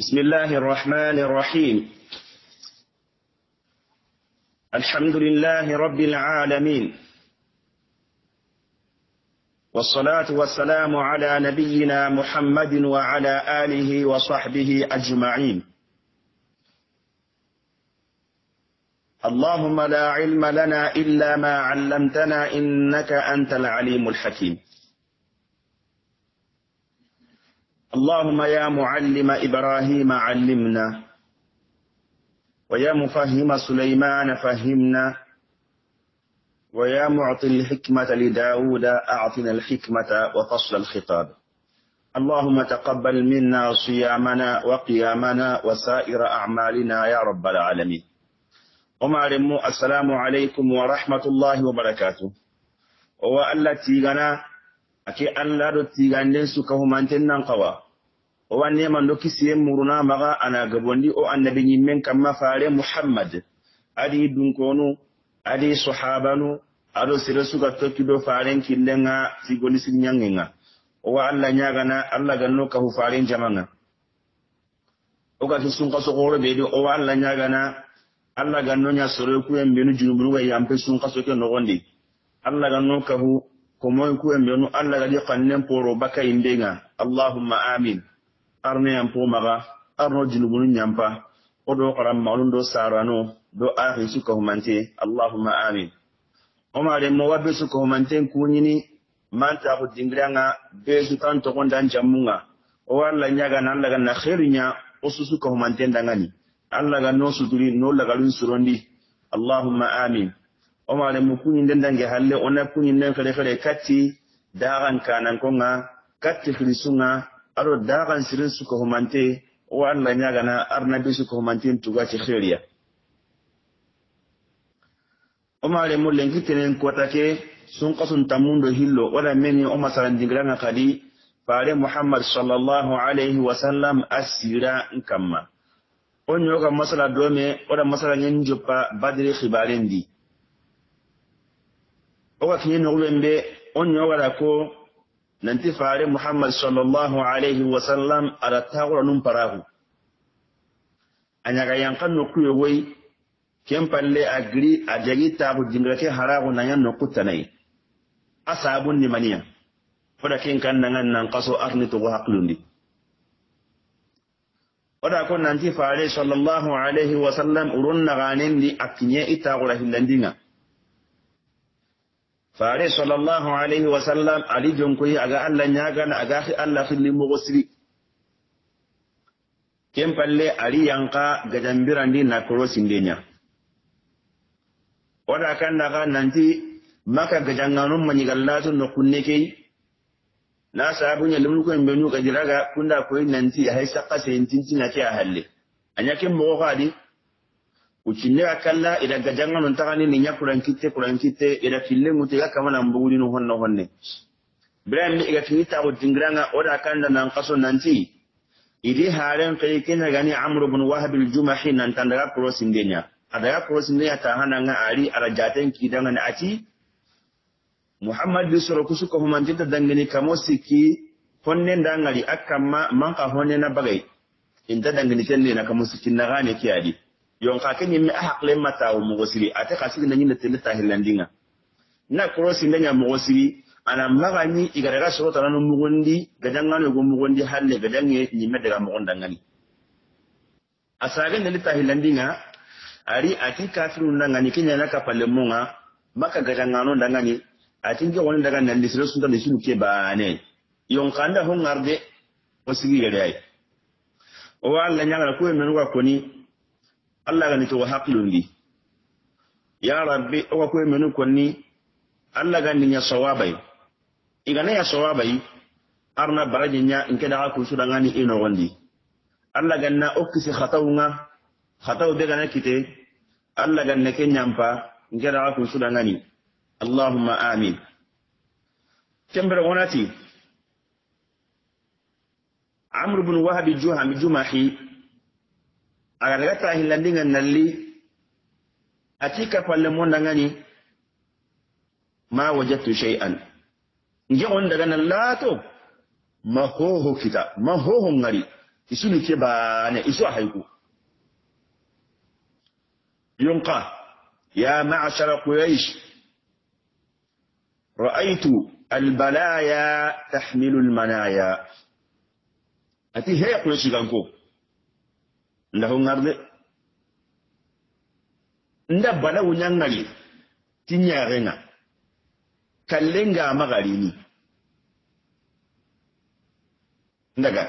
بسم الله الرحمن الرحيم الحمد لله رب العالمين والصلاة والسلام على نبينا محمد وعلى آله وصحبه أجمعين اللهم لا علم لنا إلا ما علمتنا إنك أنت العليم الحكيم اللهم يا معلم إبراهيم علمنا ويا مفهم سليمان فهمنا ويا معطي الحكمة لداود أعطنا الحكمة وفصل الخطاب اللهم تقبل منا صيامنا وقيامنا وسائر أعمالنا يا رب العالمين ومعلم السلام عليكم ورحمة الله وبركاته وألتي لنا ake allah ɗo tiganden suka humanten nan kawa o wannema dokki siyen muruna maga ana gabondi o annabi yimmen kamma fare muhammad adi dunkonu adi sahabanu aɗo sere suka tokki ɗo faren killenga sigoli siyangenga owa allah yagana allah ganno kahu faren jamaga o gati sunka sokoro ɓeɗe owa allah yagana allah ganno yasoroku en benu junubunuga yampe sunka soke nogondi allah ganno kahu komoy ku en benu alla gadi qannen poro baka indenga allahumma amin arne yan po maga arno junubunu nyampa odo qaram malun do sarano do su suka humante allahumma amin oma de mo wabe suka humante kunyini manta ko dingranga be su tan to dan jamunga o alla nyaga nan daga na khairunya su ko humante dangani alla ga no suturi no laga lun surondi allahumma amin o maremu kuñinden dange halle ona kuñinden kere kere katti kanan konga katti filisunga aro daran sirin sukohumante o allah ñagana arnabi sukohumantin tugaci xeriya o maremu lenkitenen kotake sun qasun tamundo hillo wala meni o masalandingiranga kadi fare muhammad sallallahu alaihi wasallam asira nkamma n kamma o ñoga masala dome oɗa masala ñen joppa badiri xibarendi owa fiye noguɓen ɓe on ñowaɗa ko nanti faare muhammad sallllahu alayhi wa sallam aɗa taxura num parahu a ñaga yankan nokkuyo woy ken palle a giri a jagi taxu jingira ke haraxu naña nokku tanayi a sabun nimaniya oda ken kan nangan nan kaso arni togo haqilundi oda ko nanti faare sallllahu alayhi wa sallam urun ni a kinye ita taxura hillandinga faare sallllahu alayhi wa sallam ali jonkoyi aga allah ñagana aga hi allah hillimogo siri ken palle ari yanka gajambirandi nakoro sinde ña wada kan naga nanti maka gajanganun mañigallatu no kunne key na sabuña lemulkoen benu gajiraga kunda koyi nanti ahay sakka sentintinake a halle aña ken mogo ko adi ucinde a kalla ida gajanganun taxani ni ña kurankitte kurankitte ida killenŋute iga kamanan no honno honne birahim iga kini taxu dingiranga wo da kanda nan kaso nanti idi haren kei gani amru bun wahabil jumahi nantan daga kurosindenya adaga kurosindenya nga ari ara jaten kidangani ati muhammad bi soro kusuko humantita dangini kamo sikki honnen dangari akkamma manka na bagay inta dangini kennena kamo sikki gane ki adi yon ka ke ñimme a haqle matawo mogo siri ate xa sigina ñine telle tahilandinga na korosindaña mogo siri ana igarega igaraga sorotanano mwondi, gajangani yogo mwondi halle gadange ñimme daga mogondangani a sage ndeli tahilandinga ari ati kafiru nangani ke naka pale munga, maka gajangano ndangani ati nge wani daga nandisiro sunta suntano kebaane. ke baane yon kanda ho ngarde o sigi gede ay o kuwe menuga koni allah gani to li. ya rabbi owa koye menu konni allah gandi ya sawabai igana ya sawabai arna baraji ya nke daga kusuda ngani ino wandi allah ganna o kisi nga hataw be gana kite allah ganna ke ñampa nke daga kusuda ngani allahumma amin kembere wonati amr bin wahabi jumahi agana ga nali atika ati kapalle ngani ma wajatu shay'an nge on daga na lato ma kita ma ngari isuni ke ba ne isu haiku yunqa ya ma'shara quraish ra'aytu البلايا تحمل المنايا أتي هي قريش كانكو ndaho ngarde nda bala wuñangali ti ñaxenga kalle ngamaxarini ndaga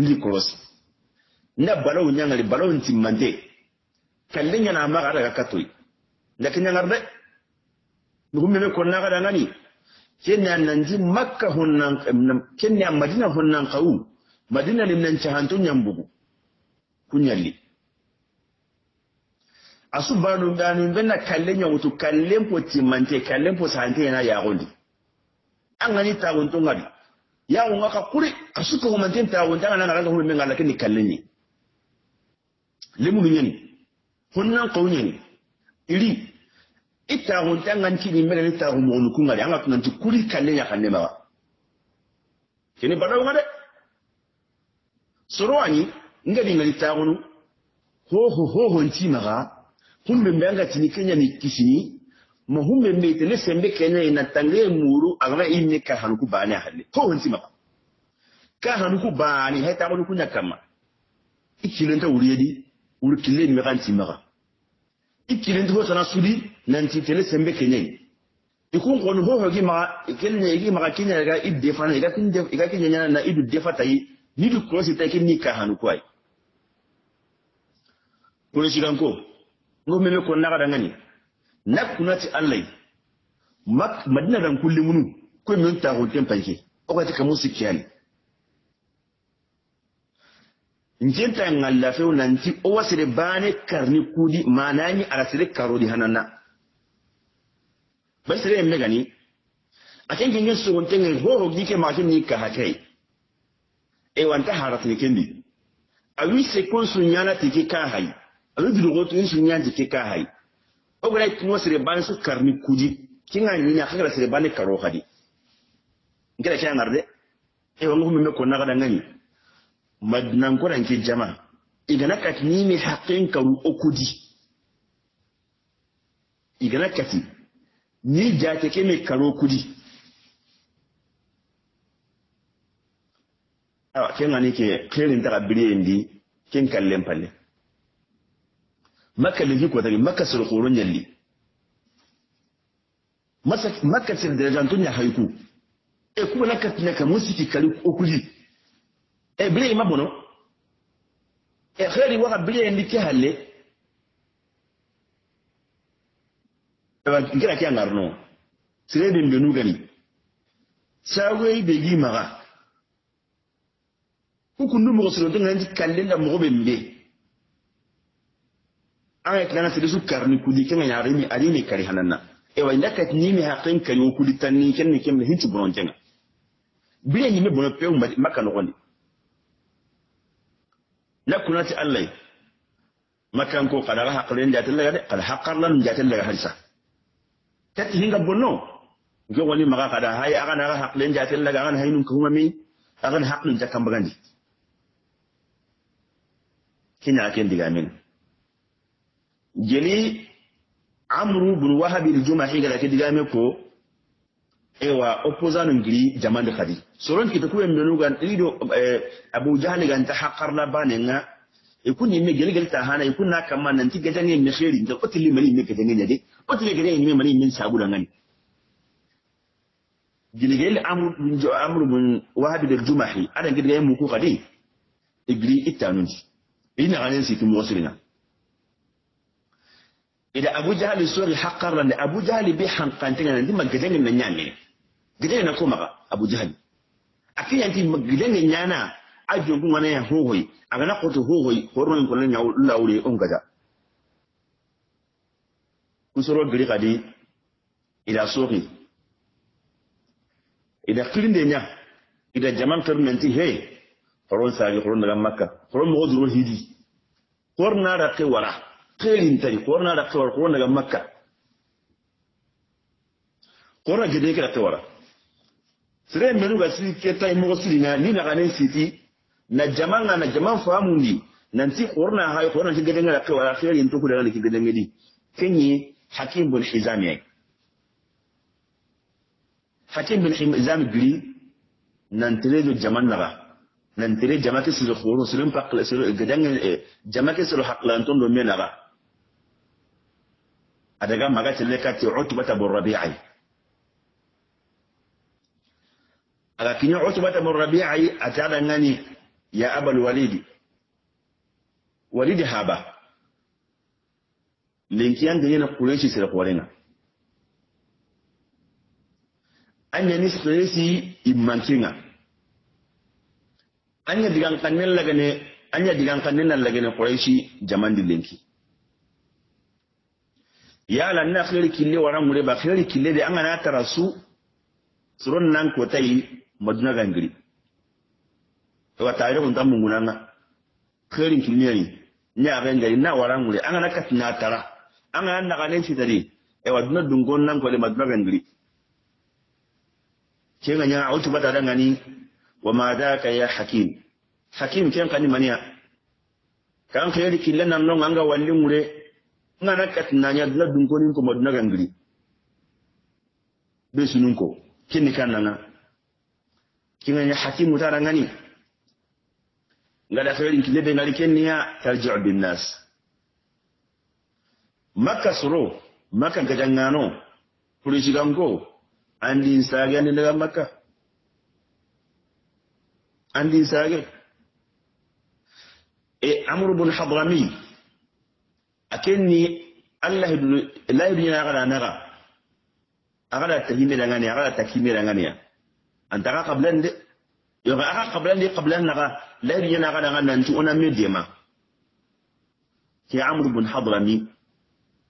ndi korosi nda bala wuñangali bala wuntimmante kalle ñana maxa daga katoyi nda ke ñangar de nugumeme konnaxada ngani kenne a nanti makka honnan kenne a madina honnan xawu madina lim nan cahanto ñambugu kunyalli asu banu danu kallen ya nyamutu kallen po timante kallen po sante yana gondi an gani ta to ngadi wonga ka kuri asu ko mantin tagun tanga nan ngaka hulmen ngala kini kallen ni limu nyani hunnan qawnyani iri itagun tanga ntini mele ni ta mo nu kungari anga ti kuri kallen ya kanne ma kini badawu ngade suruani ani Nga ngadi ngani taxunu nti hohontimaxa humbe mbe kenya ni kisini ma humbe mbe itene sembe keñayi na tange muru agana imme ka ku baani a halle hohontimaxa ka ku baani hay taxunu kuña kamma i kilenta wuriyedi wuru killeni me xantimaxa i kilenti ho sana sudi nanti tene sembe keñayi ikun kɔni ho ho gima kenya igi maka kenya ga i defa na iga kenya na idu defa tayi ni du krosi tayi ni ka hanu kuresiganko ngo meme ko na na kuna ci allai madina dan kulli munu ko men taxunten panke okati ta sikkiyani njenta ngallafew nanti o wasire baane karni kuudi manani ala sire karodi hanana bari sire en megani aten kenken sogontenge hohogdi ke maxatin ni kahakey e wanta haratini kendi awi sekon su ñanati ke kahayi alu dunugoto in sun yanti ke ka hai o gura kuma sere bani su karmi kuji kinga ga ni na kaga sire bani karo hadi ngira kya ngarde ewa ngu mime ko na kada ngani madna kuran nki jama igana kati ni mi haqqin ka o igana kati ni jate ke mi karo awa ken ngani ke kelin ta abire ndi ken kallen makaligi ko tari makasir qoron yalli makasir da jantun ya haiku e kuma nakat ne ka musiki kali okuli e bile ma bono e khairi wa bile ndi ke halle e ba ngira ke ngarno sire de mbenu gani sawe be gi maga hukundu mo sire to nganti kalle da mo be mbe aya kana sidi su karni kudi kan ya rimi ali ne kari hananna e wa indaka ni mi haqin kari wo kudi tan ni ken ni ken hinchu bonon jenga bire ni me bonon pe umma maka no gondi na kunati allah maka ko kada haqlen da tan daga kada lan da tan daga ta tati hinga bonno ge woni maka kada hay aga na haqlen da tan daga an haynun kuma mi agan haqlun jakan bagandi kina ken diga min jeli amru bin wahab al-jumahi ga ke diga ko ewa opposant ngiri jaman kadi soron ki takuwe menugan lido e, abu jahl ga ta haqqarna banenga ikun ni me gele gele ta hana ikun na kama nan ti gajan me khairin da otili mali me gajan ne de otili gajan ne mali min sabu da ngani gilgel amru bin jo amru bin da jumahi adan gilgel mu ko khadi igri itanun ina ganin ida abu jahali sori haqqarra ne abu jahali bi hanqantinga nan dimma gedenge na ne gedenge na koma ba abu jahali akin yanti gedenge nyana ajo gun wani ya hohoi na koto hohoi horon ko nan yawo laure on gaja kusoro giri kadi ida sori ida de nya ida jaman karnanti he horon sari horon daga makka horon mo duro hidi na ra ke wara kelintani na da tawar korna daga makka korna gede ke da tawara sire mai ga siri ke tay mo siri na ni na ganin siti na jama'a na jama'a famu ni nanti korna hay na ke gede da tawara kelin to ku da ki gidan gidi ngedi yi hakim bin hizam yayi hakim bin hizam gli nan tire jama'a na ba nan jama'a su tere jamake sulu khoro sulun pakla sulu gadangen jamake sulu haqlanton do ba adaga magati lekati utbata bin rabi'i aga kinyo utbata bin rabi'i atada ngani ya abal walidi walidi haba linkiyan da yana kureshi sira kwarenga anya ni stresi imantinga anya digan kanen lagane anya digan kanen lagane kureshi jaman dilinki yala nina khairi kille waran mure ba khairi kille de an na tara su suron nan ko tai maduna gangiri to wa tare mun tan munguna na khairi kille ni ni a gangari na waran mure anga na katina tara anga na ganen shi dare e wa duna dungon nan ko le maduna gangiri ke ga nya autu bata dan gani wa ma ka ya hakim hakim ken kani maniya kan khairi kille nan non anga wallin mure ngana katinanya dula dunkonin ko maduna gangri be sunun ko kinni kannanga kinganya hakimu tara ngani ngada feerin kilebe ngari kenniya tarji'u bin nas makka suro makka gajangano purisiganko andin sage andin daga makka andin sage e amru bin hadrami akenni allah lahidu ñana agana naga ngani agana tahimerangani ngani takimerangania antaga qablan de yoga aga qablan de qablan naga la ñana agana ngani nanti ona medema ki ke amru bun hadrami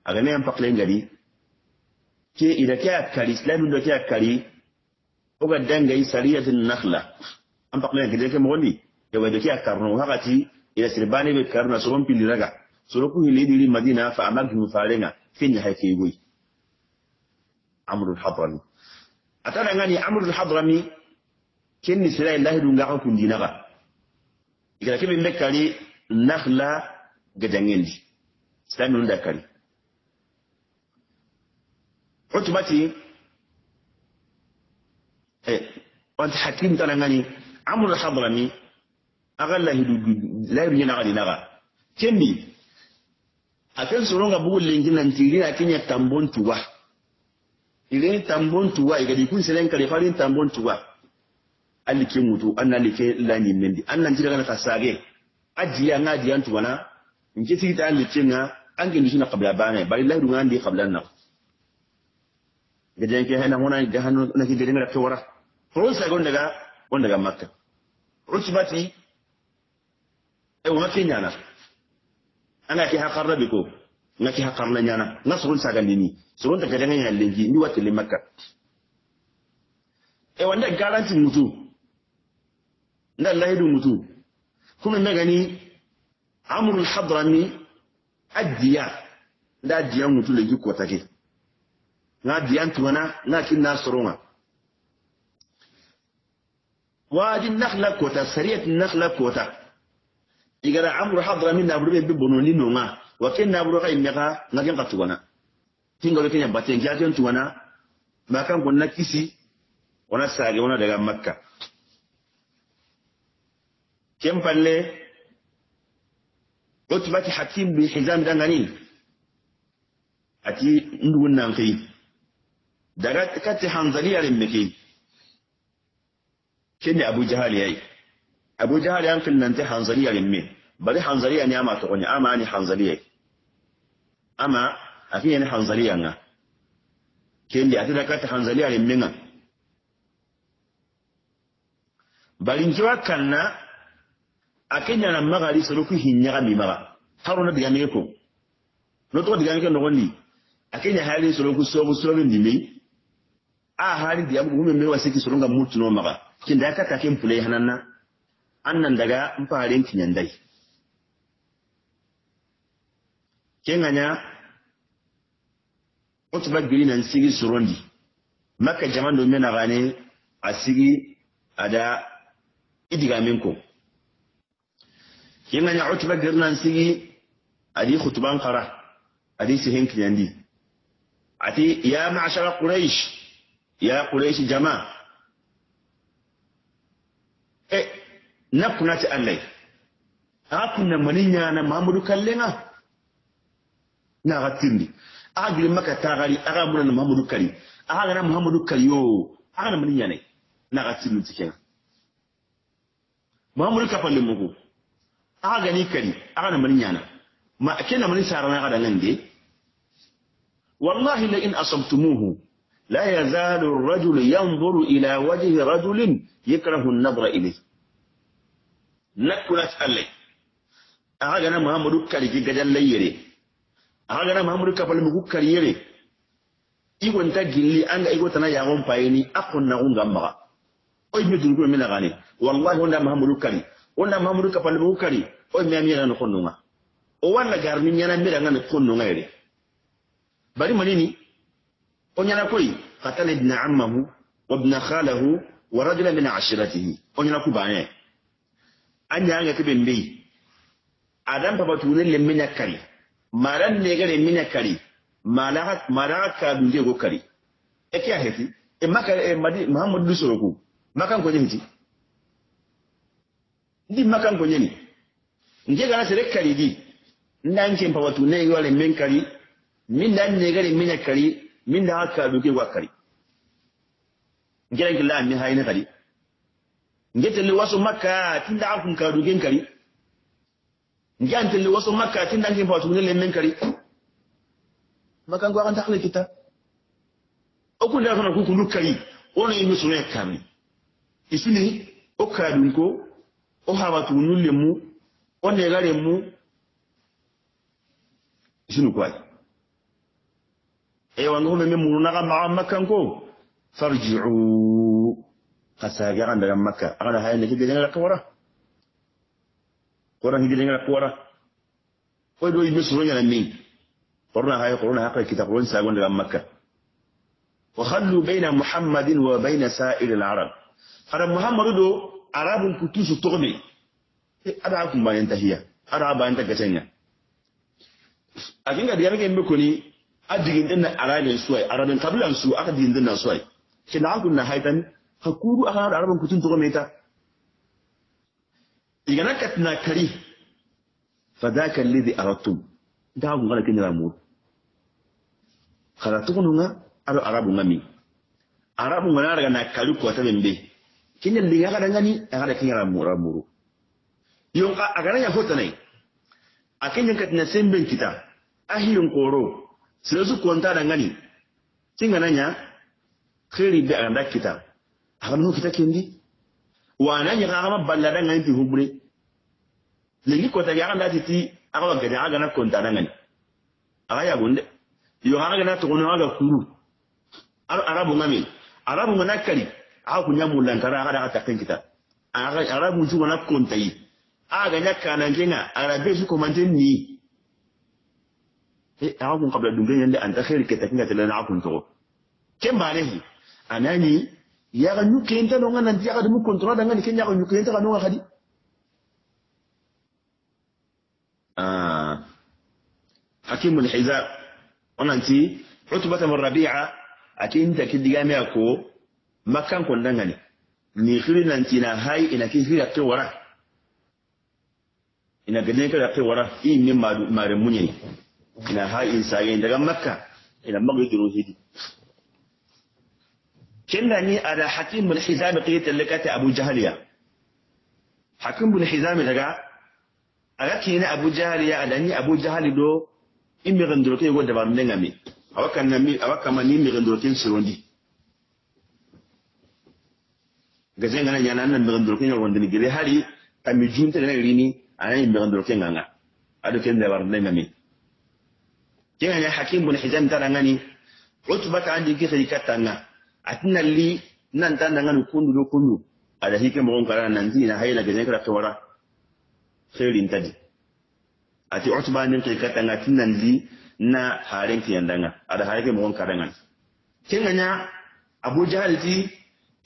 am yan ngali ki ida ki akali islam ndo ki akali o ga danga dangayi sariyatin nakhla an ngali ke mogondi yoga do ke a karno hakati ila sirbani be karno a pili raga soroku hilidiri madina fa amaginu farenga fenya haikegoi amrul hadrami atana ngani amrul hadrami kenni sira ilahi dunga ko kundinaga igara kebe mbekali nakhla gadangendi sami nunda kali utbati eh wanta hakim tana ngani amrul hadrami agalla hidu la yudinaga dinaga kenni akan soronga bugu lengi nantiri na kenya tambon tuwa igani tambon tuwa igadi kun selen kare farin tambon tuwa alike mutu an alike lani mendi an nan jira ka kasage ajiya nga diyan tuwana nje sigi ta alike nga an ke nishina kabla bane bari lahi dunga andi kabla na gajen ke hana wana da hannu na ki gajen da tawara ko sai gon daga gon daga makka rutbati e wa kenyana ana ki haƙar rabi ko na ki hakarna nyana na surun gani ni surun ta gadanga nyal lingi ni wata le makka e wanda garanti mutu na lahidu mutu kuma gani amrul hadrami addiya da diya mutu lengi ko ke na diyan tuwana na kin na surunwa wadi nakhla kota sariyat nakhla kota igara amru hadra min nabru be bono ni nonga wa ken nabru ga imega ngagen katwana tingalo kenya baten jaten tuwana makan gonna kisi ona sage ona daga makka ken palle utbati hakim bin hizam dangani ati ndugun nan kai daga kati hanzali yarin meke kenne abu jahal yayi abu jahal yan fillanti hanzaliya yemme bari hanzariya ne ama to kone ama ni hanzaliya ama fiye ne hanzariya nga kendi atira kata hanzaliya yemme nga bari nkiwa kanna akenya na magali suluku hinyaga haru na diga meko no to diga ne ko ngondi akenya hali rufu sobu sobu ndimi a hali diga mu me me su sulunga mutu no maga kinda kata kempule na daga annandaga mpaghara ntinyendai kenganya otuba gbiri na sigi surundi maka jaman do mena gani a ada idiga minko kenganya otuba gbiri na nsigi adi khutuban a adi sihin A ati ya ma'ashara quraish ya quraish jama eh, nakunati allai akuna maniñana mamadou na naxa tirndi axa gili maka taxari axa munana mahamadou kari axa gana mahamadou kari yo axana maniñanay naxa tirndi ti kenga mahamadou kapalle mugu axa gani kari axana maniñana ma kena mani saranaxa dangande wallahi la in asabtumuhu la yazalu الرجل ينظر إلى وجه رجل يكره النظر إليه nakkunat allay axa gana mahamadou kariki gadallay yere axa gana mahamadou kapalemigu kari yere i gonta gilli anga i fayeni akon na a qonnaxungan maxa mi me durugume me naxani wallahi onda Muhammadu kari Muhammadu mahamadou kapalemigu kari mi me no konnuma o wanna garni ñana merangani konnuma yere bari manini o ñana koy xatana ibna ammahu wa ibn khalahu wa rajulan min ashiratihi o ñana ku baane an hanga kibin bi adam papa ne le mina kari maran ne gare mina kari malahat malahat ka je go kari e a hefi e maka e madi muhammad dusoro ko makan ko nyimti ndi makan ko nyini nje gara sere kari di nan kin papa tunin yo le min kari min dan ne gare mina kari min da haka duje go kari ngiran kila min ne kari nge telle wasu makka tinda akun ka dogen kari nge an telle wasu makka tinda kin fatu ne lemmen kari maka gwa kan ta halin kita okun da kana ku kun kari ono yi sunu kami isini o kadun ko o hawatu nulle mu o ne gare mu isuni kwai e wango me mun na ga ma makan ko farji'u kasaage anda gam makka ne hayande hideñagara kawara kona hideñagara kawara koy ɗo yimɓe nan min korona hay korona haka kita koron sagonde gam makka wa khallu bayna muhammadin wa bayna sa'il al arab ara muhammadu ɗo arabum ko tusu eh, togme aɗa ha kumbanenta hiya aɗa ha banenta gacenga akinga digame ke yimɓe koni a diginɗenna arabin suwai arabin kabilan su aka diginɗenna suway kena na haitan hakuru akana da arabin kutun tuko meta igana katina kari fadaka alladhi aratum da mun ngala kinira mu kala tuko nunga aro arabu ngami arabu ngana daga na kari kuwa ta bembe kinya linga kada ngani akada kinira mu ramuru yonka agana ya hota nai akin yanka katina semben kita ahiyon koro sai su kwanta da ngani tinga nanya khiri da anda kita n'u kita kendi wana ñi kama balla da ngani ti hubre lengi kota ya xanda ti ti aga gani aga na konta da ngani aga ya gunde yo xaxa gana to no aga kuru ar arabu ngami arabu ngana kali aga kunya mulan kara aga daga ta kita aga arabu ju mana konta yi aga ni eh, kana ngenga arabe su komante ni e aga kun kabla dungen yande anta khair ke takinga tilana akun to kembare hi anani yaga ñukkenta no nga nanti yagati mu contrôle dangani ken yaga kenta ka nonga kadi ah. hakimu lhizab onanti utbata mu rabia ati inta kidigame a ko makkan kon dangani ni hiri nanti na hayi ina ki hiri ake wara ina gadin kada ake wara i ne mare munyani ina hayi in sayen daga makka ina magidiro hidi ada hakim كلني على حكيم بن حزام قيت hakim كاتي أبو جهلية حكيم بن حزام لقى أغاكينا أبو جهلية أداني أبو جهل دو إمي غندروكي يقول دبار نغمي أوكا نمي أوكا ما نمي غندروكي سروندي gazen ngana nyana nan mi gandoro kinyo wonde ni hari tammi junta ngana rini anay mi gandro kinga nga adu ken da warne mi kinga nya hakim bin hizam tara ngani utba ta andi ki atina li nan ta nan kundu do kundu ada hike mo ngara nan dina hayla gane kra to wara khairin tadi ati utba nin kai kata ngatin nan li na harin ki yandanga ada hike mo ngara nan kinganya abu jahal ti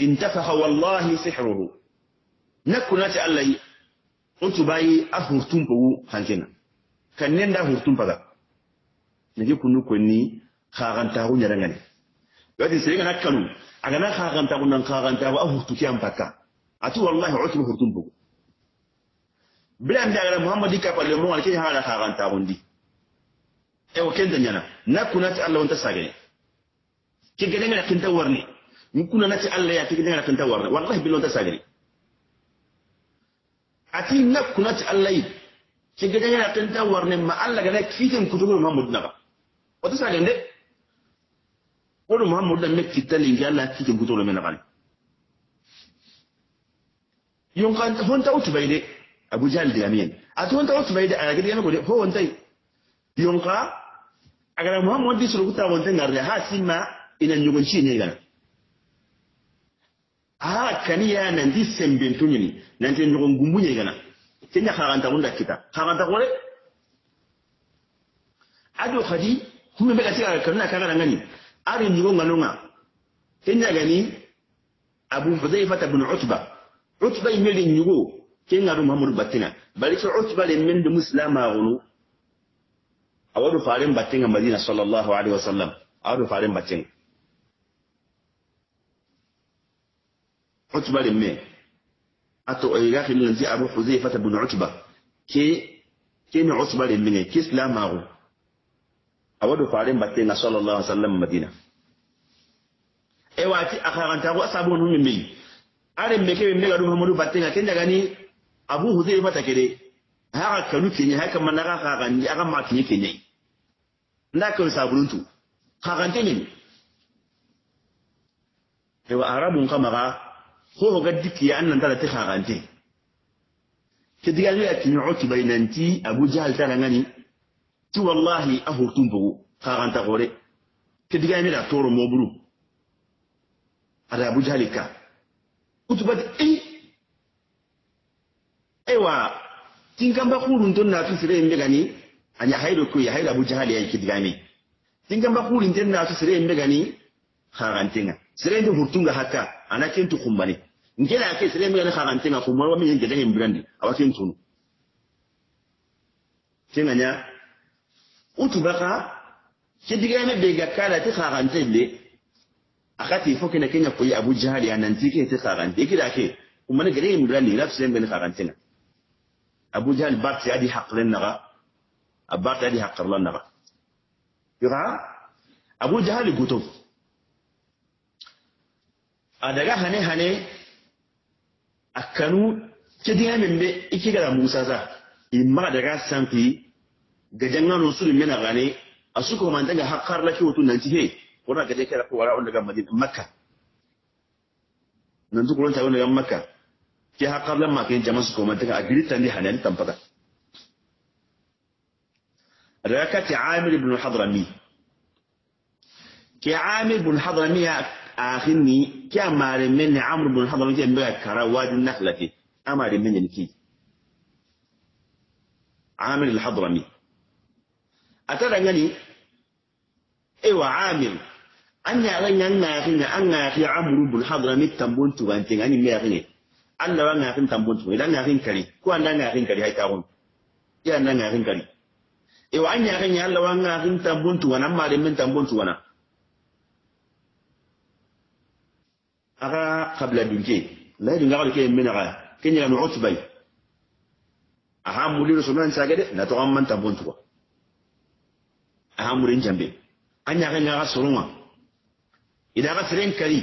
intafaha wallahi sihruhu nakuna ta allahi utba yi afurtum bu hankina kannen da hurtum paga nige kunu konni kharanta hu nyarangani wati segana kanu agana hagantaku nan hagantaku a an pakka ati wallahi otini hurtun bogo bilande agara muhammadi kapalle mo alke hagana hagantakundi ewo eh, kenta ñana na kunati allah wonta sagene ke gedengana kinta warni nkuna nati allah ya ke gedengana kinta warni wallahi billo wonta sagene ati na kunati allah yi ke gedengana kinta warni ma allah gana kiiten kutugol muhammadu naga wota sagene de oɗo mahamadou ɗan mekki tallinki allah hakkike gutolo men naxani yonka honta o tubay de abujal digamien ati honta o tubay de ayake digame ko de ho wontay yonka agara mahamad di sorokuta wonte ngarde ha simma ina ñogonciinegana aha kaniya nanti sembentu ñini nanti ñogon gumbuñegana kenya xaxantaxunda kita xaxantaxore ado xadi kume ɓe ga sigaa kanuna kagarangani arin yugo nganunga kenya gani abu huzaifa ibn utba utba imeli nyugo kenga ru muhammadu batina bari so utba le min du muslima gunu awadu farin batinga madina sallallahu alaihi wasallam awadu farin batinga utba le me ato ayga eh, khilin ti abu huzaifa ibn utba ke ken utba le min ke islima gunu awodo farin batte na sallallahu alaihi wasallam madina e wati akaranta ko sabu min mi are meke mi ga dum hamadu batte nga kenda gani abu huzai mata kede haka kanu kenye haka manaka ka gani aka ma kenye kenye nda ka sabulun tu karante ne e wa arabun kama ga ko ga dikki annan da ta karante ke diga ya kinyo ki bainanti abu jahal tara ngani ti wallahi a hortun bugu karanta gore ke diga yi da toro moburu a da abu jalika kutuba da ɗin aiwa tin gamba bakurun don na su sire yin gani a ya haido ko ya haido abu jahali ya yi kidiga ne tin gamba bakurun don na su sire yin gani karantinga sire yin ga haka ana kin tukumba ne ngela ake sire yin gani karantinga kuma wani yin gidan yin birandi a Awa tunu kin ganya utubaka kidigane bega kala ti kharante le akati fo kina kenya koyi abu jahali ananti ke ti kharante kida ke kuma ne gare imran abu yura abu e guto hane hane ikigara musa za imma daga sanfi ga jangan rusul mena gane asuko man daga hakkar lafi kiwtu nan tihe wala ga dai kira ko wanda ga madina makka nan duk ron ta wanda ga makka ki hakkar lan ma kai jama'a su ko daga agirita ne hanan tampaka rakati amir ibn hadrami ki amir ibn hadrami ya akhini ki amare min amr ibn hadrami ke mbaka kara wadi nahlati amare min ne ki amir al-hadrami a gani ewa eh, amin an yaxa ñangaxinga a ngaxi amru bun hadrami tambon tubantenga ani an andawa ngaxin tambon tuba ida ngaxin kari ko da ngaxin kari hay taxun i anda ngaxin kari ewa an a ñaxinge allawa ngaxin tambon tubana an maden men tambon tubana axa xabla dunke layidungaxalu ke menaxa ke ñaganu utbay axa muliro sonansage de natoxan man tambon tuba ahamurin jambe anya ga nyaga surunga ida ga kari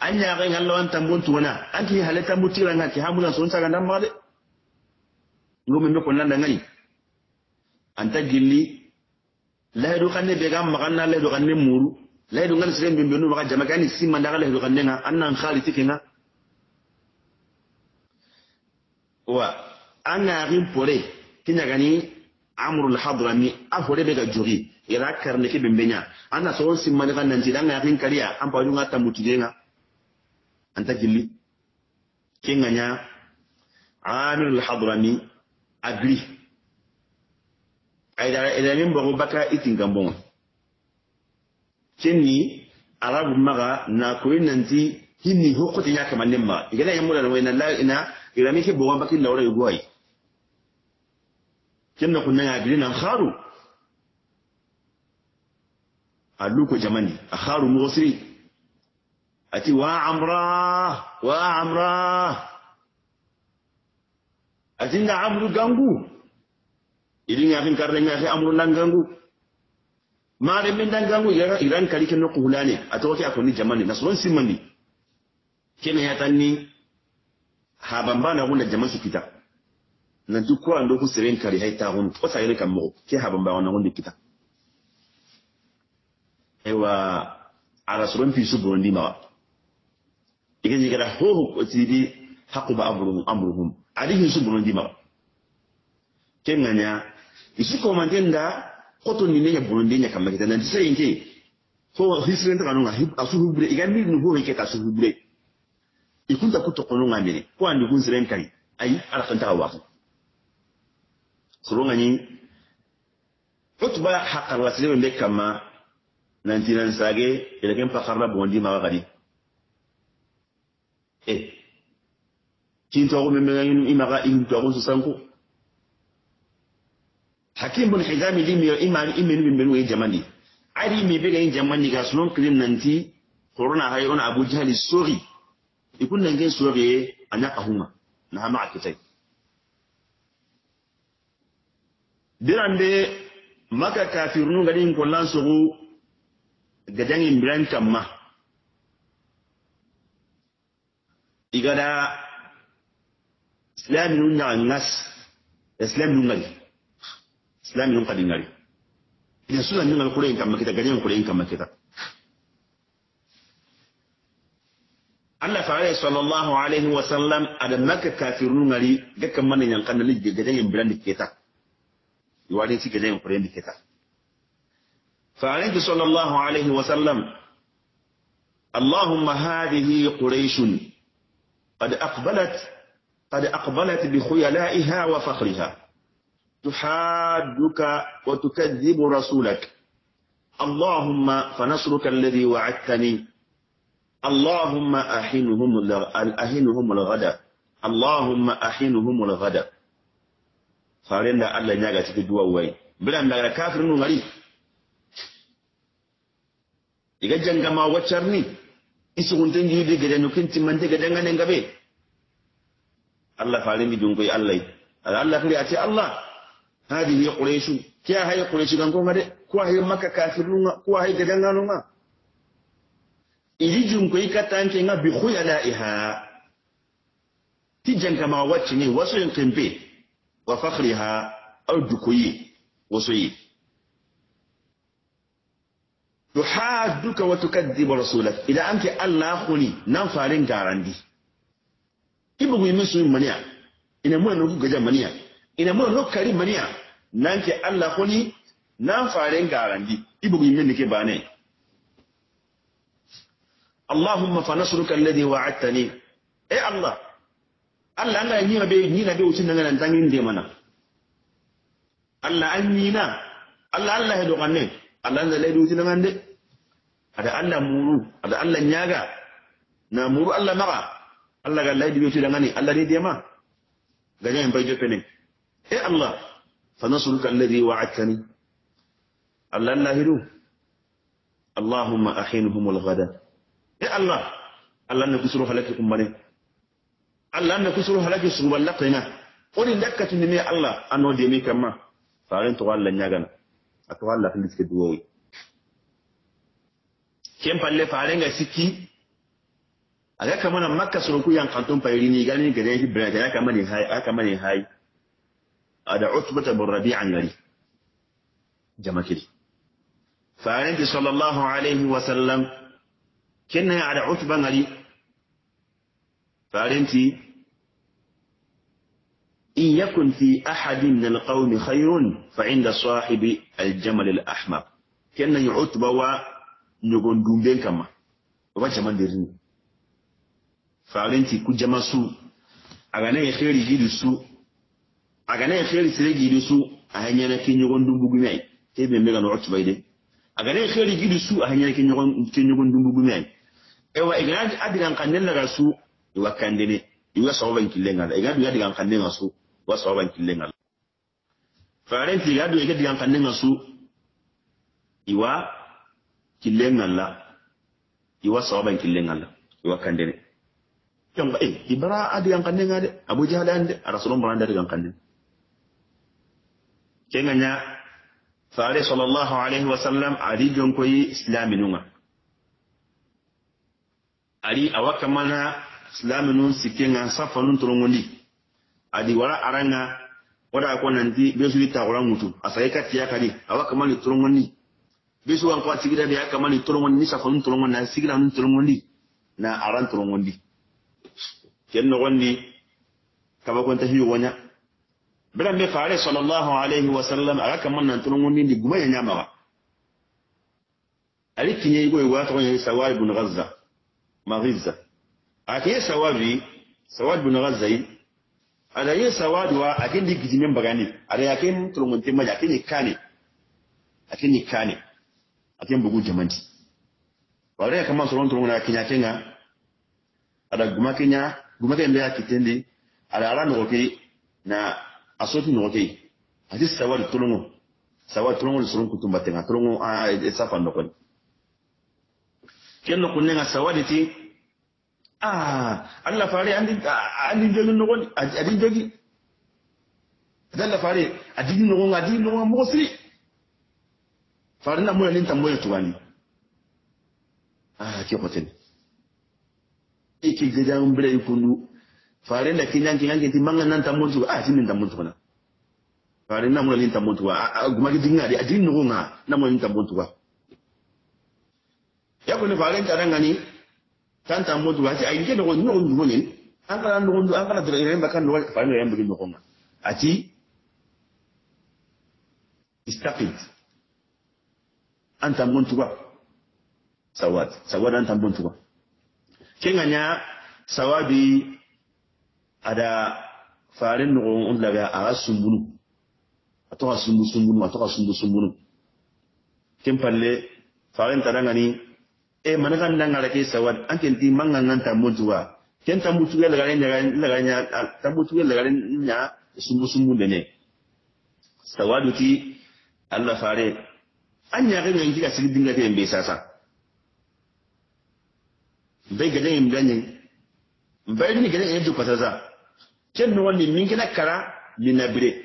anya ga ngallo an tambun tuwana anti halata mutira ngati hamuna sun saga nan made ngumi me ko nan ngani anta gilli do kanne be gam maganna do kanne muru do ngal siren bimbe no maga jama kani simma daga do kanne nga annan khaliti kinga wa anna rin pore gani amrul hadrami a be ga juri ira karne ke bimbenya ana so sin mani kan nan tidanga kin kariya an ba yunga tambuti jenga anta gilli kinga nya amrul hadrami agri da ida min bago baka itin gambon ni arabu maga na koyin nan ti hinni hukuti nya kamannin ma igala yamula na wayna la ina ira mi ke bogan bakin da wora kinna kunna ya bilina kharu a luku jamani a kharu musri a ti wa amra wa amra a amru gangu idin ya fin karnin ya fi amru nan gangu ma da min dan gangu iran kalikin na kula ne a tawafi a kunni jamani na sun simani kina ya tanni haban ba na wunan su fita nanti kuran do kuseren kari haita hun o sayire kam mo ke haban ba wannan wanda kita ewa ala suron fi su bondi mawa ike ji gara ho ho tibi haqu ba amruhum amruhum adihi su bondi mawa kenganya isi ko mantenda koto ni ne bondi nya kam kita nanti sai inke ko hisren ta kanunga asu hubre igandi ni ho ke ta su hubre ikunta kuto konunga mene ko andi kun siren kari ay ala kanta wa surungani utba hakar wasilime be kamma nantinan sage eleken pakarna bondi maga gadi e ko kintoxu memega imaga ko susanku hakim bun hizami di miyo imani imenu min benu e jamani ari mi be gayin e jamani ga sunon kilim nanti corona hay on abu jahali sori ikun nangen sori anaka ahuma na ma akitai biranbe maka kafirunu gadi hin kollan sogu gadangin biran tamma igada nas ñaga nun islaminu ngari nun kadi ngari ina suna nun ngal kureyin kamma kita gadangin kureyin kamma kita Allah faare sallallahu alaihi wa sallam, ada maka kafirunu ngari gakkan mana yang kanali gadangin biran diketa يوالين تيجي جاي مقرين كتا فعليك صلى الله عليه وسلم اللهم هذه قريش قد أقبلت قد أقبلت بخيلائها وفخرها تحادك وتكذب رسولك اللهم فنصرك الذي وعدتني اللهم أحنهم الغداء اللهم أحنهم الغداء da allah ya ga cikin duwa wai mbiɗan da kafir nun ngari iga jangama nan kun tin man daga timmante gedengane gabe allah farendi mi allahy aɗa allah a ce allah hadihi qurayshu ke a hay gan gankonga de ko ha hay makka kafirnunga ko a hay ma iji junkoy kattankenga bi huyalaiha ti jankama wasu yin kempe wa fakhriha ardukuyi wasoyi tuhadduka wa tukaddibu rasulak idan anke Allah khuni nan farin garandi ibugu misu maniya ina mu no gaja maniya ina mu no kari maniya nan ke Allah khuni nan farin garandi ibugu min nike bane اللهم فنصرك الذي وعدتني اي الله Allah anga nyina be nyina be usin dengan tangin de mana Allah anyina na Allah Allah hidupkan ni Allah anga le usin dengan de ada Allah muru ada Allah nyaga na muru Allah mara Allah ga lay usin dengan ni Allah ni dia mana ga yang bay jopene eh allah fa nasruka alladhi wa'adtani alla alla hiru اللهم أحينهم الغداء يا الله الله نكسر خلقكم منه allah na kusur halaki suguballa koyga oni ne mai allah anno demi kamma faren wallan ya gana, a togo allah suke duwowi ken palle a sikki aga nan makka soroku yankanton payirini ya gedeyi benataya kamani hay aga kamani hay ada utbata bin rabi'a ngari jamakiri farenki sallallahu alaihi wa sallam. wasallam kenna ada utba gari. parenti in yakun fi ahadin min alqawmi khayrun fa inda sahibi aljamal alahmar kenna yu'tba wa nyogon dumben kama wa jaman derni parenti ku jama su aga na ya khairi gidu sire gidu su a hanya na kin nyogon dumbu gumai te be mega no utba ide aga na ya khairi gidu su a hanya na kin nyogon kin nyogon dumbu gumai ewa igana adiran kanen daga su iwa kandene iwa sababan killen Allah iga duya digan kanne ngasu wa sababan killen Allah faren ti iga duya digan kanne ngasu iwa killen la iwa sababan killen la iwa kandene yamba eh ibra adigan kanne ngade abu jahal ande rasulun branda digan kanne kenganya fare sallallahu alaihi wasallam ali jonkoyi islaminunga ali awaka mana silami nun sikkenga safa nun torongondi adi wara aranga wada ko nanti be wala mutu ngutu asai katiya kadi awa kamani torongondi be su wan kwati gida ya kamani torongondi ni safa nun torongondi na sigira nun torongondi na aran torongondi ken no gondi kaba kon tahiyo wonya bela me faare sallallahu alaihi wasallam aga kaman nan torongondi ndi gumaya nyama wa ali kinye ko iwa to nyi sawai bun ghazza maghizza ake sawadu sawadu bin a da yi sawadu wa ake ni gijimin a da yake turmuntin maji ake ni kane ake ni kane ake bugu ba wala ya kama sauran turmuna kinya kenga da guma kinya guma kinya ya kitende da ala nukoke na asoti a ati sawadu tulungu sawadu tulungu surun kutumba tenga tulungu a safa kin nukunin a sawadu ti Ah, Allah fare an dinjogin nogon a dinjogi dalla fare a dingin nogon a dingin nogon mosri fare na moya lintan moya tuwani Ah, ke hotel iki gida un bire ikundu. fare da kinyan kinyan kinti mangan nan ta mutu a jinin da mutu na ah, fare na moya lintan mutu a gumaki ah, dingin a dingin nogon na moya lintan mutu ba ya kuni fare ta rangani tanta modu ati ay ke nogo no ndu wonin an kala nogo ndu an kala dere remba kan no nogo fa no yambe nogo nga ati istaqid anta mon tuwa sawat sawat anta mon tuwa tuba kenganya sawabi ada farin no on laga a sumbunu atoka sumbu sumbunu atoka sumbu sumbunu kempalle farin tadangani e eh, manaka ndanga la ke sawan anken ti manga nganta mujwa ken ta mutuge la garen la nya ta mutuge la garen nya sumu sumu dene sawadu ti Allah fare anya ga men kika sigi dinga te mbe sasa bai gadan yin ganin bai ni gadan yin jufa sasa ken no wani min kina kara linabire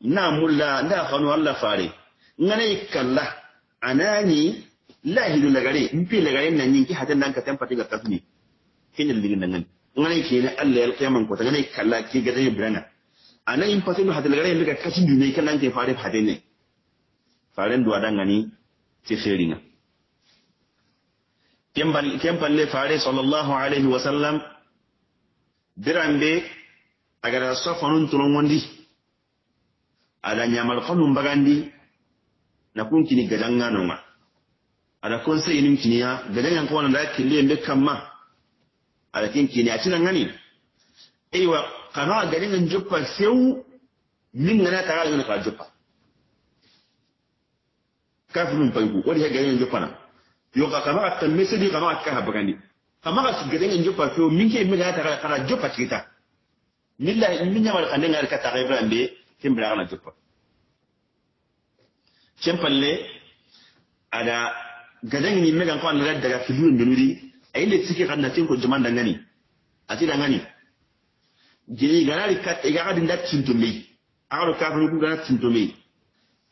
na mulla na khanu Allah fare ngane kalla anani la hilu lagare mpi lagare na nyinki hatan nan ka tempati ga kafni kinyal ligin nan nan ngane ke ne Allah ya alqiyaman ko tangane kalla ki ga dai birana anan in fatin hatan lagare ne ka kashin dume kan nan ke fare fade ne faren duwa dan gani ti sheringa kembal kembal le fare sallallahu alaihi wasallam birambe agara safanun tulon wandi ada nyamal kanum bagandi na kuntini gadanga nonga ada sai nim kiniya dan yan ko wanda kille mbe kamma ada kin kiniya tin ngani aiwa kana dan nan jufa sai min ngana ta ga yana ka juppa kafirun fanku wani ya garin nan juppa na yo ka kana ta mesedi kana ka ha bagani kama ka dan nan jufa sai min ke min ngana ta ga juppa kita milla min nyama kan ngar ka ta ga ibran be kin bra kana cin palle ada gadang ni megan ko andaga daga fidu a ayinde tike kan natin ko jaman dangani ati dangani jini ganari kat e gaga dinda tintumbi agaro ka ko gaga tintumbi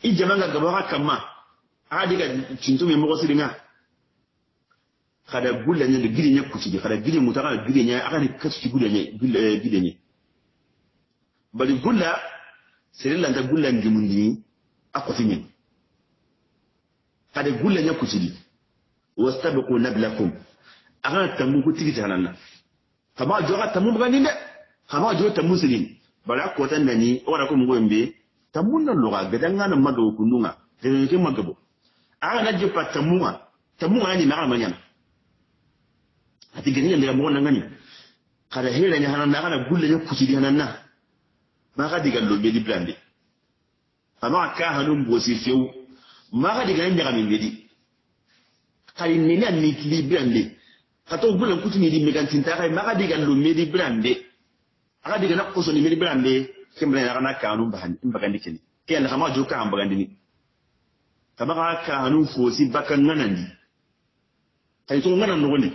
i jamanga gabaka kama aga diga tintumbi mo ko sidinga kada gulle da gidi ne kuti kada gidi mutaka gidi ne aga ni kasu gulle ne gidi ne bari gulla sirilanta gulla ngimundini akotini kada gulle ne kuti wastabiqu nablakum aga tamu ku tigi na kama jora tamu bani ni de kama jora tamu silin bala ko tan nani wala ko mugo mbe tamu na loga gadanga na mago kununga de ke magabo aga na jipa tamu ma tamu ma ni mara manyana ati gani ne mo nan ngani kada hira ni hanan na kana gulle ne kuci di hanan na ma ka diga lobe di blande kama ka bo si fiu ma ka diga ni ga min di hay meni an ni tili birande kato kuti kutini di ta kay maga diga lo meri birande aga diga na koso ni meri birande kembele na kana kanu bahani bagandi kini ke an kama jo kan bagandi ni ka kanu fosi bakan nanandi kay to ngana no ne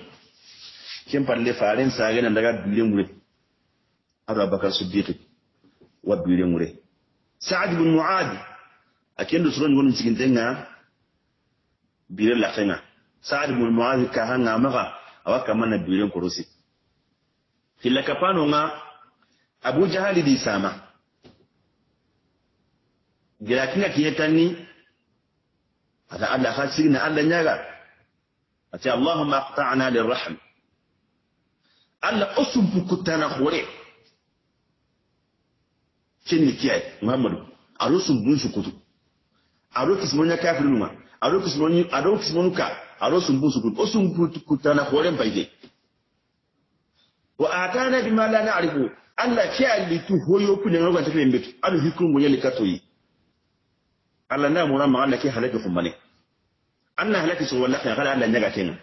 kem parle faren sage nan daga dulen gure abu abakar siddiq wa dulen gure sa'ad bin mu'ad akin da suran gonin cikin tenga bire la fenga سعد بن معاذ كهان غامغا أوكا من البيرين كروسي في لكفانو غا أبو جهل دي ساما لكن كيتاني على الله خاسرنا الله نيغا أتي اللهم أقطعنا للرحم الا أصب كتانا خوري شنو كيات محمد أرسل بنشكتو أروكس مونيا كافر نوما أروكس مونيا أروكس مونيا aro sumbu kun, o sumbu kutana horen baide wa atana bima la na'rifu Allah ke alitu hoyo ku ne rogan take mbetu alu hikru mu yali yi Allah na mu ma Allah ke halaka kun mane anna halaka su wallahi kada Allah ne ga kenan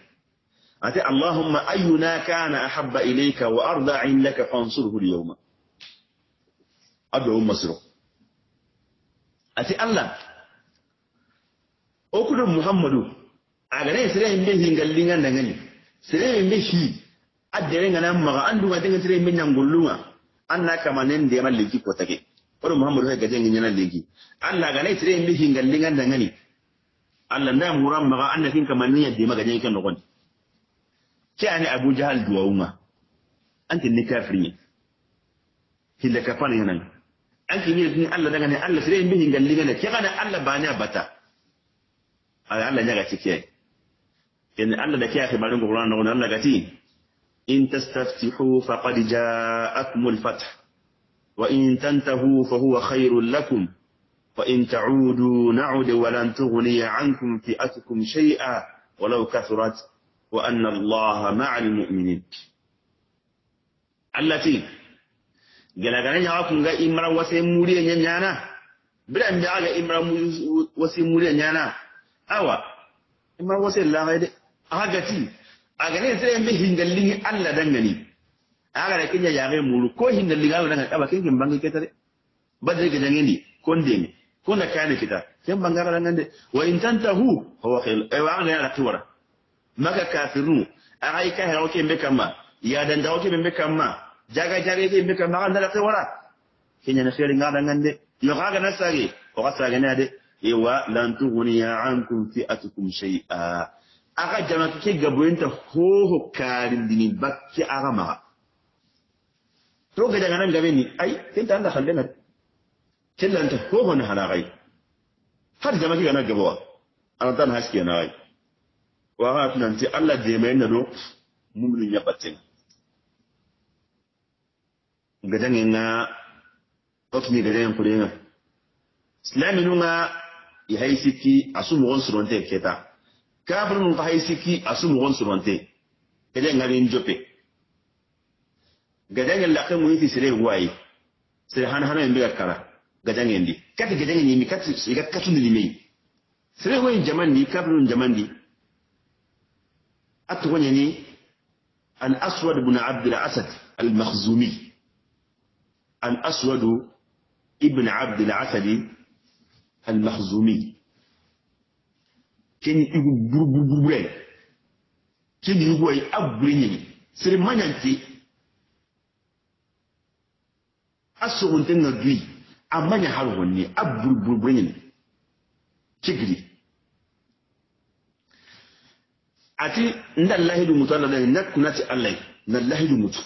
ate Allahumma ayyuna kana ahabba ilayka wa arda indaka fansurhu al-yawma adu masru ate Allah okudun Muhammadu a agana sere be hingallinga ndangani sere be a adere ngana maga andu ga denga sere be an na kama nen de malliki ko take wani muhammadu sai gajen yin yanar legi allah ga yin bin hin hingal lingan nan ne allah na mura maga annafin kamar ni yadda maga jin kan nokon ke ani abu jahal duwauma anti ne kafiri ne hilla kafan yanan an ki ne din allah daga ne allah bin hin hingal lingan da ke kana allah ba ne bata Allah ya ga cike إن الله لك يا أخي بارون قرآن نقول الله قتين إن تستفتحوا فقد جاءكم الفتح وإن تنتهوا فهو خير لكم وإن تعودوا نعود ولن تغني عنكم فئتكم شيئا ولو كثرت وأن الله مع المؤمنين التي gɛlɛ kana ɲaga kun ka i mara wase muri ye ɲana bila min bɛ a ka agati agane sai mai hindalli Allah dan gani aga da kinya yare mulu ko hindalli ga dan kaba kin kin bangi ketare dai ga dan ni konde ni kunda kane kita kin bangara dan de wa in hu huwa khil e wa ana tuwara maka kafiru ai ka hawo ke me kama ya dan dawo ke me kama jaga jare ke me kama an da tuwara kinya na khiri ga dan de yo ga na sage ko ga sage na de yawa lan tuhuniya ankum fi'atukum shay'a aga jama ke gaboyinta hoho karindini bakke aga maga to ga daga nan gabe ni ai kenta anda hallena kellanta hoho na halagai har jama ke gana gabawa ana na haske na ai wa ha tunan ce Allah je mai na do mumlin ya batin ga dangin na otmi ga dangin kurenga islamin nunga ya haisiki asu mu wonsu ronte keta kafir nun ka haisi ki asu mugon suronte kede ngari njope gadanga lakke mu yiti sire wayi sire han hana mbiga kala gadanga ndi kati gadanga ni mi kati siga katu ni mi sire wayi jaman ni kafir nun jaman di atu wanya ni al aswad ibn abd al asad al makhzumi al aswad ibn abd al asad al makhzumi kenyi igu burburburen kenyi igu ay abgurinyi sere manyanti asogonte na dui amanya har wonni abburburburenyi cigiri ati nda lahidu mutu ala lahi ti allahi na lahidu mutu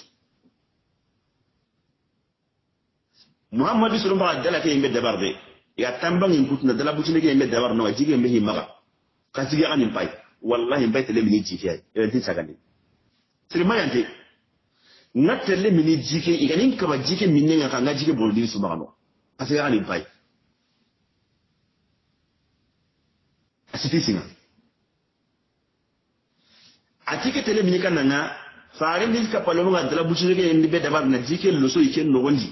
muhammadu suru mbaga dala ke yimbe dabar de ya tambangin kutuna dala bucine ke yimbe dabar nawa jige yimbe himaga kasigi anin pai wallahi bai tele mini jike eh, ya tin sir sirma yante na tele mini jike iganin kaba jike minne ga ka jike bolin su bagano kasigi anin pai asiti singa atike tele mini kana nga farin din ka palo ga dala buci ne ndi be dabar na jike loso ike no gondi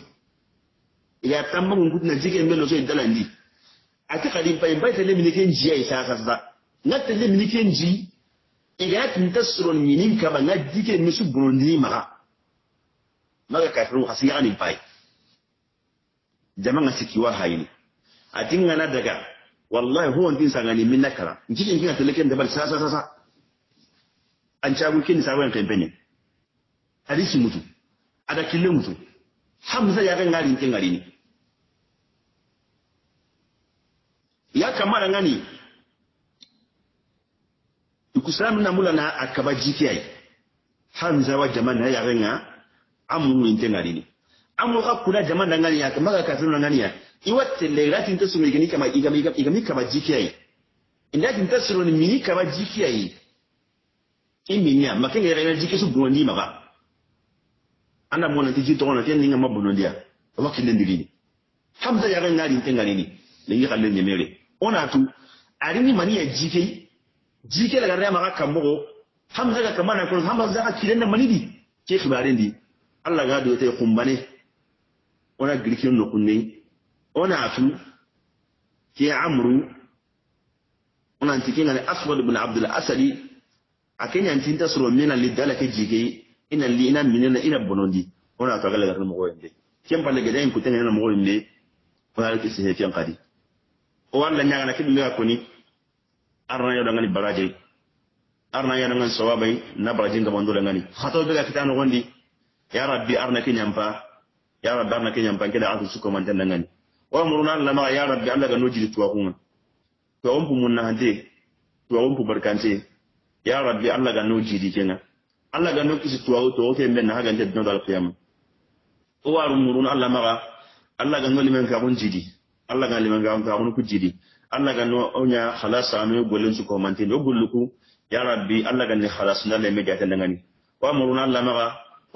ya tamba gudu na jike mbe loso idala e ndi ati kadin pai bai tele mini ke jiya isa e kasda natelle mini ken e ji iganatinta soron minin kama nga dike misu burundini ma maga kafiru hasi yaganin pai jama nga sikiwa hayini a nga na daga wallahi huwa min nakara minna kala njike talekin da ba sa sa sa sa ancagu kini kan kempene hadisi mutu ada kille mutu hamza ga ngari ni ya kamara ngani kusalamu na mula na akaba jiki ai hanza wa jama na yare nga amu winte ngarini amu ka kula jama na ngani ya maka kafiru na ngani ya iwatte le ratin ta sunu igini kama igami igami kama jiki ai inda tin ta sunu mini kama jiki ai iminya makenga yare na jiki su bondi maka anda mona ti jito ona tiyan ninga mabuno dia wakile ndirini hamza yare ngari ntenga nini lengi kalle nyemere ona tu arini mani ya jiki jike daga rama maka kan mugo hamza ga kamana ko hamza ga kidan da manidi ke kibarin di Allah ga dole ta kumbane ona girkin no kunne ona afu ke amru ona antikin al aswad ibn abd al asadi akenya antin tasro mina lidala ke jige ina li ina minina ina bonondi ona ta ga la ga mugo inde kem palle ga dai ku tenen mugo inde ala ke se fiyan kadi o walla nyaga na kidi ga koni arna da ngani baraje arna da ngani sawabai na baraje da ngani hataw ɓega kita nogondi ya rabbi arna ke ñampa ya rabbi arna ke ñampa keɗa atu sukkomantenɗa ngani wa muruna allah ya rabbi allah ga nojidi tuwaxunga tuwaxunpu munnahante tuwaxunpu barkante ya rabbi allah ga nojidi kenan allah ga no kisi tuwaxu toxo ke mbenna xagante dinodo alqiyama o wa muruna allah maxa allah ga men limen kaxun jidi allah ga ga kaxun kaxunu ku jidi alla ga no onya khalas anu gollen su ko mantin do gulluku ya rabbi alla ga ni khalas na le me na dangani wa muruna alla ga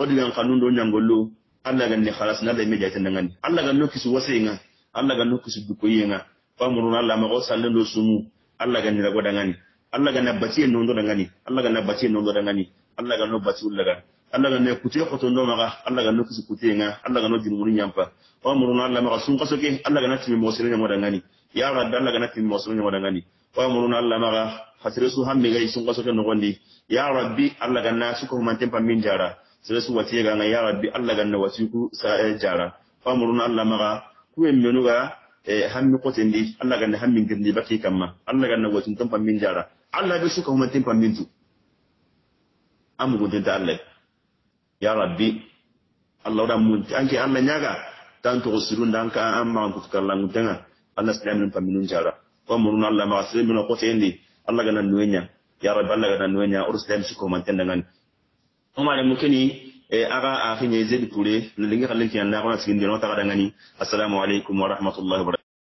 odi digan kanun do nyangollu alla ga ni khalas na le me na ngani alla ga no kisu wasinga alla ga no kisu dukoyenga wa muruna alla ma o sallen do sumu alla ga ni rago dangani alla ga na n'o nondo dangani alla ga na n'o nondo dangani alla ga no batiye ullaga alla ga ne kutee kotondo maga alla ga no kisu kutenga alla ga no ni nyampa wa muruna alla ga sun kasoke alla ga na timi mo sele nyamo dangani Allah ga gana tim muslimi mo ni. wa amuruna allah maga hasire su hammi gai sun kaso no gondi ya rabbi allah na. su ko man tin min jara sai su wace ga ya rabbi allah na ganna ku sa eh, jara wa amuruna allah maga ku menu ga eh, hammi di allah ganna hammi ni, baki kamma allah na wasin tin min jara allah ga su ko man tempa min tu amugo de dalle ya rabbi allah da mun anke allah nyaga tanto dan ka amma kallan tanga allah silamin faminun jara wa murun allah ma silamin na kote indi allah ga nan nuwenya ya rabbi allah ga nan nuwenya ur silamin su ko manten da ngani kuma ne mukini e aga a fi ne zai ture na linga kallin kiyan na kona sigin dino ta ga ngani assalamu alaikum wa rahmatullahi wa